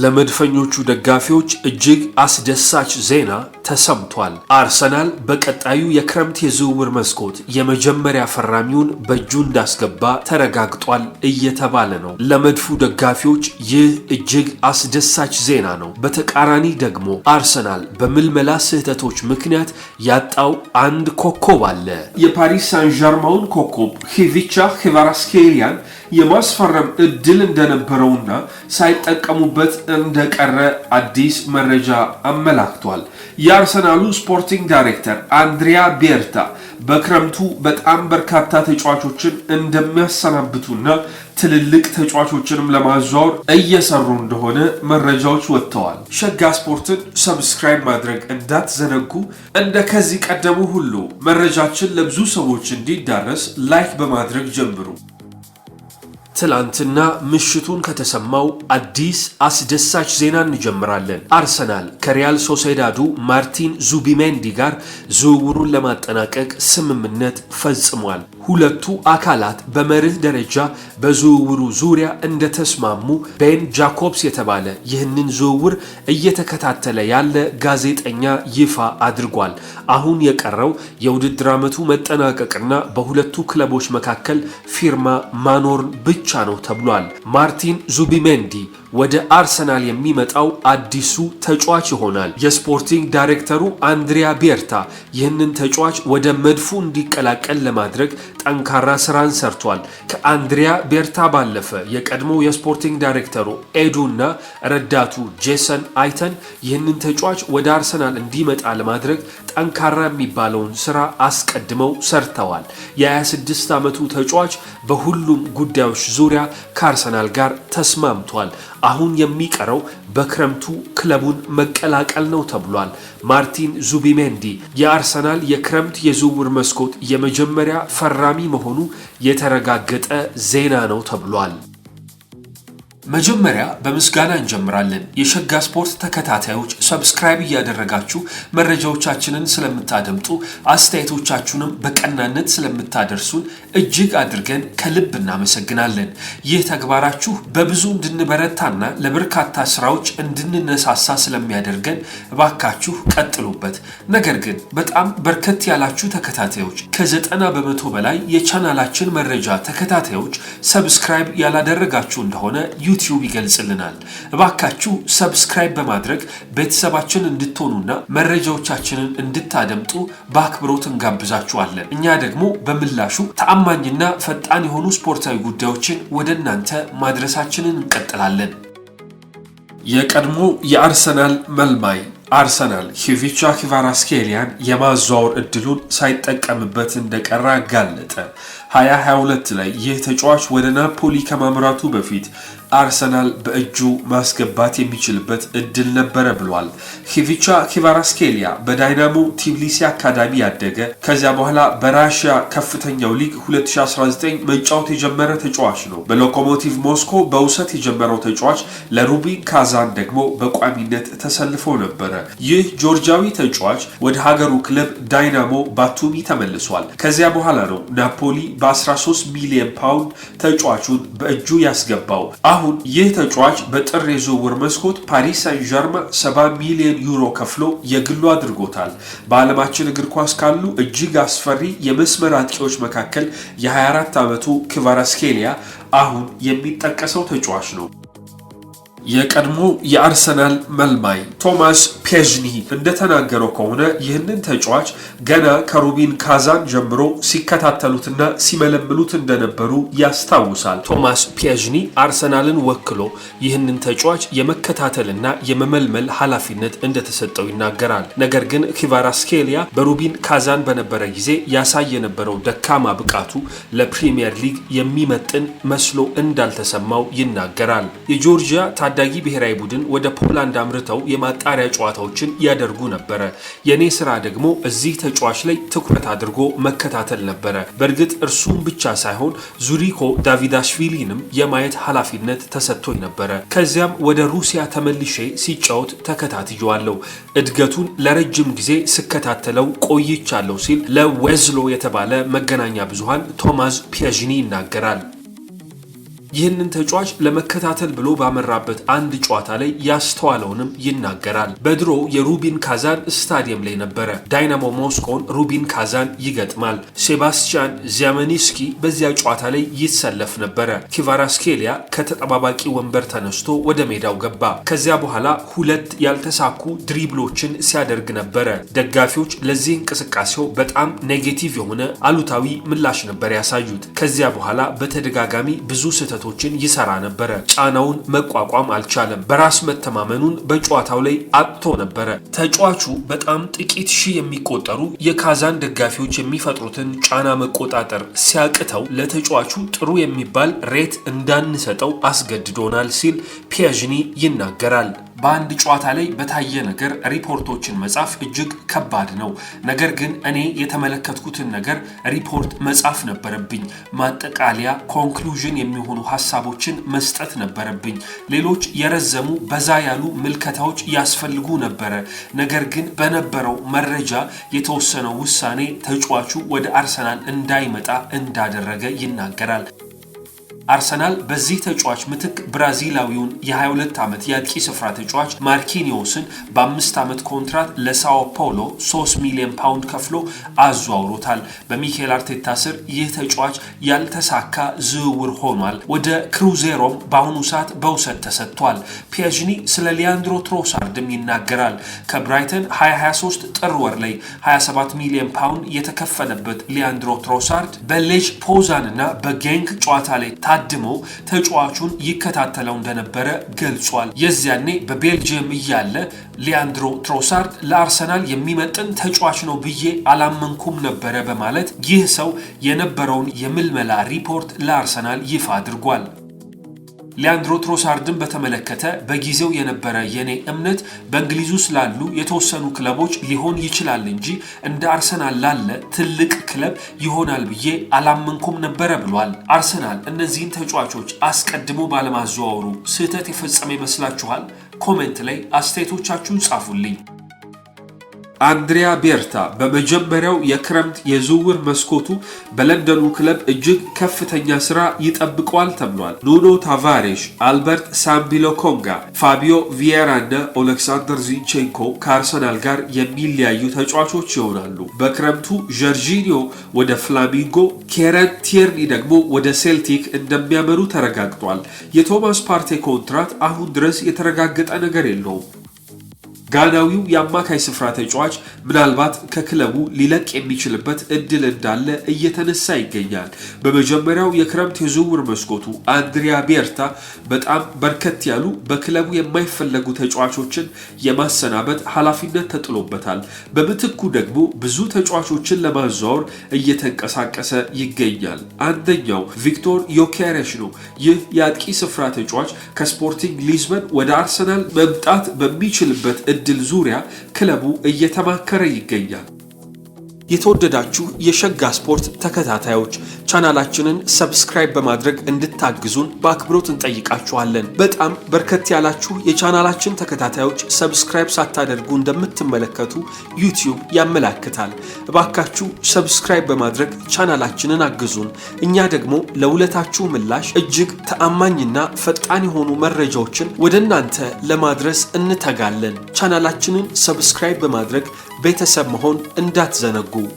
ለመድፈኞቹ ደጋፊዎች እጅግ አስደሳች ዜና ተሰምቷል። አርሰናል በቀጣዩ የክረምት የዝውውር መስኮት የመጀመሪያ ፈራሚውን በእጁ እንዳስገባ ተረጋግጧል እየተባለ ነው። ለመድፉ ደጋፊዎች ይህ እጅግ አስደሳች ዜና ነው። በተቃራኒ ደግሞ አርሰናል በምልመላ ስህተቶች ምክንያት ያጣው አንድ ኮከብ አለ። የፓሪስ ሳን ዣርማውን ኮከብ ሄቪቻ ሂቫራስኬሊያን የማስፈረም እድል እንደነበረውና ሳይጠቀሙበት እንደቀረ አዲስ መረጃ አመላክቷል። ያ የአርሰናሉ ስፖርቲንግ ዳይሬክተር አንድሪያ ቤርታ በክረምቱ በጣም በርካታ ተጫዋቾችን እንደሚያሰናብቱና ትልልቅ ተጫዋቾችንም ለማዘዋወር እየሰሩ እንደሆነ መረጃዎች ወጥተዋል። ሸጋ ስፖርትን ሰብስክራይብ ማድረግ እንዳትዘነጉ። እንደ ከዚህ ቀደሙ ሁሉ መረጃችን ለብዙ ሰዎች እንዲዳረስ ላይክ በማድረግ ጀምሩ። ትላንትና ምሽቱን ከተሰማው አዲስ አስደሳች ዜና እንጀምራለን። አርሰናል ከሪያል ሶሴዳዱ ማርቲን ዙቢሜንዲ ጋር ዝውውሩን ለማጠናቀቅ ስምምነት ፈጽሟል። ሁለቱ አካላት በመርህ ደረጃ በዝውውሩ ዙሪያ እንደተስማሙ ቤን ጃኮብስ የተባለ ይህንን ዝውውር እየተከታተለ ያለ ጋዜጠኛ ይፋ አድርጓል። አሁን የቀረው የውድድር ዓመቱ መጠናቀቅና በሁለቱ ክለቦች መካከል ፊርማ ማኖር ብቻ ብቻ ነው ተብሏል። ማርቲን ዙቢሜንዲ ወደ አርሰናል የሚመጣው አዲሱ ተጫዋች ይሆናል። የስፖርቲንግ ዳይሬክተሩ አንድሪያ ቤርታ ይህንን ተጫዋች ወደ መድፉ እንዲቀላቀል ለማድረግ ጠንካራ ስራን ሰርቷል። ከአንድሪያ ቤርታ ባለፈ የቀድሞ የስፖርቲንግ ዳይሬክተሩ ኤዱና ረዳቱ ጄሰን አይተን ይህንን ተጫዋች ወደ አርሰናል እንዲመጣ ለማድረግ ጠንካራ የሚባለውን ስራ አስቀድመው ሰርተዋል። የ26 ዓመቱ ተጫዋች በሁሉም ጉዳዮች ዙሪያ ከአርሰናል ጋር ተስማምቷል። አሁን የሚቀረው በክረምቱ ክለቡን መቀላቀል ነው ተብሏል። ማርቲን ዙቢሜንዲ የአርሰናል የክረምት የዝውውር መስኮት የመጀመሪያ ፈራሚ መሆኑ የተረጋገጠ ዜና ነው ተብሏል። መጀመሪያ በምስጋና እንጀምራለን። የሸጋ ስፖርት ተከታታዮች ሰብስክራይብ እያደረጋችሁ መረጃዎቻችንን ስለምታደምጡ አስተያየቶቻችሁንም በቀናነት ስለምታደርሱን እጅግ አድርገን ከልብ እናመሰግናለን። ይህ ተግባራችሁ በብዙ እንድንበረታና ለበርካታ ስራዎች እንድንነሳሳ ስለሚያደርገን እባካችሁ ቀጥሉበት። ነገር ግን በጣም በርከት ያላችሁ ተከታታዮች ከዘጠና በመቶ በላይ የቻናላችን መረጃ ተከታታዮች ሰብስክራይብ ያላደረጋችሁ እንደሆነ ዩቲዩብ ይገልጽልናል። እባካችሁ ሰብስክራይብ በማድረግ ቤተሰባችን እንድትሆኑና መረጃዎቻችንን እንድታደምጡ በአክብሮት እንጋብዛችኋለን። እኛ ደግሞ በምላሹ ተአማኝና ፈጣን የሆኑ ስፖርታዊ ጉዳዮችን ወደ እናንተ ማድረሳችንን እንቀጥላለን። የቀድሞ የአርሰናል መልማይ አርሰናል ሂቪቻ ኪቫራስኬሊያን የማዘዋወር እድሉን ሳይጠቀምበት እንደቀረ አጋለጠ። 2022 ላይ ይህ ተጫዋች ወደ ናፖሊ ከማምራቱ በፊት አርሰናል በእጁ ማስገባት የሚችልበት እድል ነበረ ብሏል። ኪቪቻ ኪቫራስኬሊያ በዳይናሞ ቲብሊሲ አካዳሚ ያደገ ከዚያ በኋላ በራሽያ ከፍተኛው ሊግ 2019 መጫወት የጀመረ ተጫዋች ነው። በሎኮሞቲቭ ሞስኮ በውሰት የጀመረው ተጫዋች ለሩቢን ካዛን ደግሞ በቋሚነት ተሰልፎ ነበረ። ይህ ጆርጂያዊ ተጫዋች ወደ ሀገሩ ክለብ ዳይናሞ ባቱሚ ተመልሷል። ከዚያ በኋላ ነው ናፖሊ በ13 ሚሊዮን ፓውንድ ተጫዋቹን በእጁ ያስገባው። አሁን ይህ ተጫዋች በጥር የዝውውር መስኮት ፓሪስ ሳን ዠርማ 70 ሚሊዮን ዩሮ ከፍሎ የግሉ አድርጎታል። በዓለማችን እግር ኳስ ካሉ እጅግ አስፈሪ የመስመር አጥቂዎች መካከል የ24 ዓመቱ ክቫራስኬሊያ አሁን የሚጠቀሰው ተጫዋች ነው። የቀድሞ የአርሰናል መልማይ ቶማስ ፔዥኒ እንደተናገረው ከሆነ ይህንን ተጫዋች ገና ከሩቢን ካዛን ጀምሮ ሲከታተሉትና ሲመለምሉት እንደነበሩ ያስታውሳል። ቶማስ ፔዥኒ አርሰናልን ወክሎ ይህንን ተጫዋች የመከታተልና የመመልመል ኃላፊነት እንደተሰጠው ይናገራል። ነገር ግን ኪቫራስኬሊያ በሩቢን ካዛን በነበረ ጊዜ ያሳይ የነበረው ደካማ ብቃቱ ለፕሪሚየር ሊግ የሚመጥን መስሎ እንዳልተሰማው ይናገራል። የጆርጂያ ታዳጊ ብሔራዊ ቡድን ወደ ፖላንድ አምርተው የማጣሪያ ጨዋታ ጨዋታዎችን ያደርጉ ነበረ። የኔ ስራ ደግሞ እዚህ ተጫዋች ላይ ትኩረት አድርጎ መከታተል ነበረ። በእርግጥ እርሱም ብቻ ሳይሆን ዙሪኮ ዳቪዳሽቪሊንም የማየት ኃላፊነት ተሰጥቶኝ ነበረ። ከዚያም ወደ ሩሲያ ተመልሼ ሲጫወት ተከታትየዋለሁ። እድገቱን ለረጅም ጊዜ ስከታተለው ቆይቻለሁ ሲል ለዌዝሎ የተባለ መገናኛ ብዙሃን ቶማስ ፒያዥኒ ይናገራል። ይህንን ተጫዋች ለመከታተል ብሎ ባመራበት አንድ ጨዋታ ላይ ያስተዋለውንም ይናገራል። በድሮ የሩቢን ካዛን ስታዲየም ላይ ነበረ ዳይናሞ ሞስኮን ሩቢን ካዛን ይገጥማል። ሴባስቲያን ዚያመኒስኪ በዚያ ጨዋታ ላይ ይሰለፍ ነበረ። ኪቫራስኬሊያ ከተጠባባቂ ወንበር ተነስቶ ወደ ሜዳው ገባ። ከዚያ በኋላ ሁለት ያልተሳኩ ድሪብሎችን ሲያደርግ ነበረ። ደጋፊዎች ለዚህ እንቅስቃሴው በጣም ኔጌቲቭ የሆነ አሉታዊ ምላሽ ነበር ያሳዩት። ከዚያ በኋላ በተደጋጋሚ ብዙ ስህተ ስህተቶችን ይሰራ ነበረ። ጫናውን መቋቋም አልቻለም። በራስ መተማመኑን በጨዋታው ላይ አጥቶ ነበረ። ተጫዋቹ በጣም ጥቂት ሺህ የሚቆጠሩ የካዛን ደጋፊዎች የሚፈጥሩትን ጫና መቆጣጠር ሲያቅተው ለተጫዋቹ ጥሩ የሚባል ሬት እንዳንሰጠው አስገድዶናል ሲል ፒያዥኒ ይናገራል። በአንድ ጨዋታ ላይ በታየ ነገር ሪፖርቶችን መጻፍ እጅግ ከባድ ነው። ነገር ግን እኔ የተመለከትኩትን ነገር ሪፖርት መጻፍ ነበረብኝ። ማጠቃለያ ኮንክሉዥን የሚሆኑ ሀሳቦችን መስጠት ነበረብኝ። ሌሎች የረዘሙ በዛ ያሉ ምልከታዎች ያስፈልጉ ነበረ። ነገር ግን በነበረው መረጃ የተወሰነው ውሳኔ ተጫዋቹ ወደ አርሰናል እንዳይመጣ እንዳደረገ ይናገራል። አርሰናል በዚህ ተጫዋች ምትክ ብራዚላዊውን የ22 ዓመት የአጥቂ ስፍራ ተጫዋች ማርኪኒዮስን በአምስት ዓመት ኮንትራት ለሳኦ ፓውሎ 3 ሚሊዮን ፓውንድ ከፍሎ አዘዋውሮታል። በሚኬል አርቴታ ስር ይህ ተጫዋች ያልተሳካ ዝውውር ሆኗል። ወደ ክሩዜሮም በአሁኑ ሰዓት በውሰት ተሰጥቷል። ፒያዥኒ ስለ ሊያንድሮ ትሮሳርድም ይናገራል። ከብራይተን 2023 ጥር ወር ላይ 27 ሚሊዮን ፓውንድ የተከፈለበት ሊያንድሮ ትሮሳርድ በሌጅ ፖዛን እና በጌንክ ጨዋታ ላይ አድሞ ተጫዋቹን ይከታተለው እንደነበረ ገልጿል። የዚያኔ በቤልጅየም እያለ ሊያንድሮ ትሮሳርድ ለአርሰናል የሚመጥን ተጫዋች ነው ብዬ አላመንኩም ነበረ በማለት ይህ ሰው የነበረውን የምልመላ ሪፖርት ለአርሰናል ይፋ አድርጓል። ሊያንድሮ ትሮሳርድን በተመለከተ በጊዜው የነበረ የኔ እምነት በእንግሊዙ ስላሉ የተወሰኑ ክለቦች ሊሆን ይችላል እንጂ እንደ አርሰናል ላለ ትልቅ ክለብ ይሆናል ብዬ አላመንኩም ነበረ ብሏል። አርሰናል እነዚህን ተጫዋቾች አስቀድሞ ባለማዘዋወሩ ስህተት የፈጸመ ይመስላችኋል? ኮሜንት ላይ አስተያየቶቻችሁን ጻፉልኝ። አንድሪያ ቤርታ በመጀመሪያው የክረምት የዝውውር መስኮቱ በለንደኑ ክለብ እጅግ ከፍተኛ ስራ ይጠብቀዋል ተብሏል። ኑኖ ታቫሬሽ፣ አልበርት ሳምቢሎ ኮንጋ፣ ፋቢዮ ቪየራ እና ኦሌክሳንደር ዚንቼንኮ ከአርሰናል ጋር የሚለያዩ ተጫዋቾች ይሆናሉ። በክረምቱ ጀርጂኒዮ ወደ ፍላሚንጎ፣ ኬረን ቲርኒ ደግሞ ወደ ሴልቲክ እንደሚያመሩ ተረጋግጧል። የቶማስ ፓርቴ ኮንትራት አሁን ድረስ የተረጋገጠ ነገር የለውም። ጋናዊው የአማካይ ስፍራ ተጫዋች ምናልባት ከክለቡ ሊለቅ የሚችልበት እድል እንዳለ እየተነሳ ይገኛል። በመጀመሪያው የክረምት የዝውውር መስኮቱ አንድሪያ ቤርታ በጣም በርከት ያሉ በክለቡ የማይፈለጉ ተጫዋቾችን የማሰናበት ኃላፊነት ተጥሎበታል። በምትኩ ደግሞ ብዙ ተጫዋቾችን ለማዘዋወር እየተንቀሳቀሰ ይገኛል። አንደኛው ቪክቶር ዮኬሬሽ ነው። ይህ የአጥቂ ስፍራ ተጫዋች ከስፖርቲንግ ሊዝበን ወደ አርሰናል መምጣት በሚችልበት እድል ዙሪያ ክለቡ እየተማከረ ይገኛል። የተወደዳችሁ የሸጋ ስፖርት ተከታታዮች ቻናላችንን ሰብስክራይብ በማድረግ እንድታግዙን በአክብሮት እንጠይቃችኋለን። በጣም በርከት ያላችሁ የቻናላችን ተከታታዮች ሰብስክራይብ ሳታደርጉ እንደምትመለከቱ ዩቲዩብ ያመላክታል። እባካችሁ ሰብስክራይብ በማድረግ ቻናላችንን አግዙን። እኛ ደግሞ ለውለታችሁ ምላሽ እጅግ ተአማኝና ፈጣን የሆኑ መረጃዎችን ወደ እናንተ ለማድረስ እንተጋለን። ቻናላችንን ሰብስክራይብ በማድረግ ቤተሰብ መሆን እንዳትዘነጉ።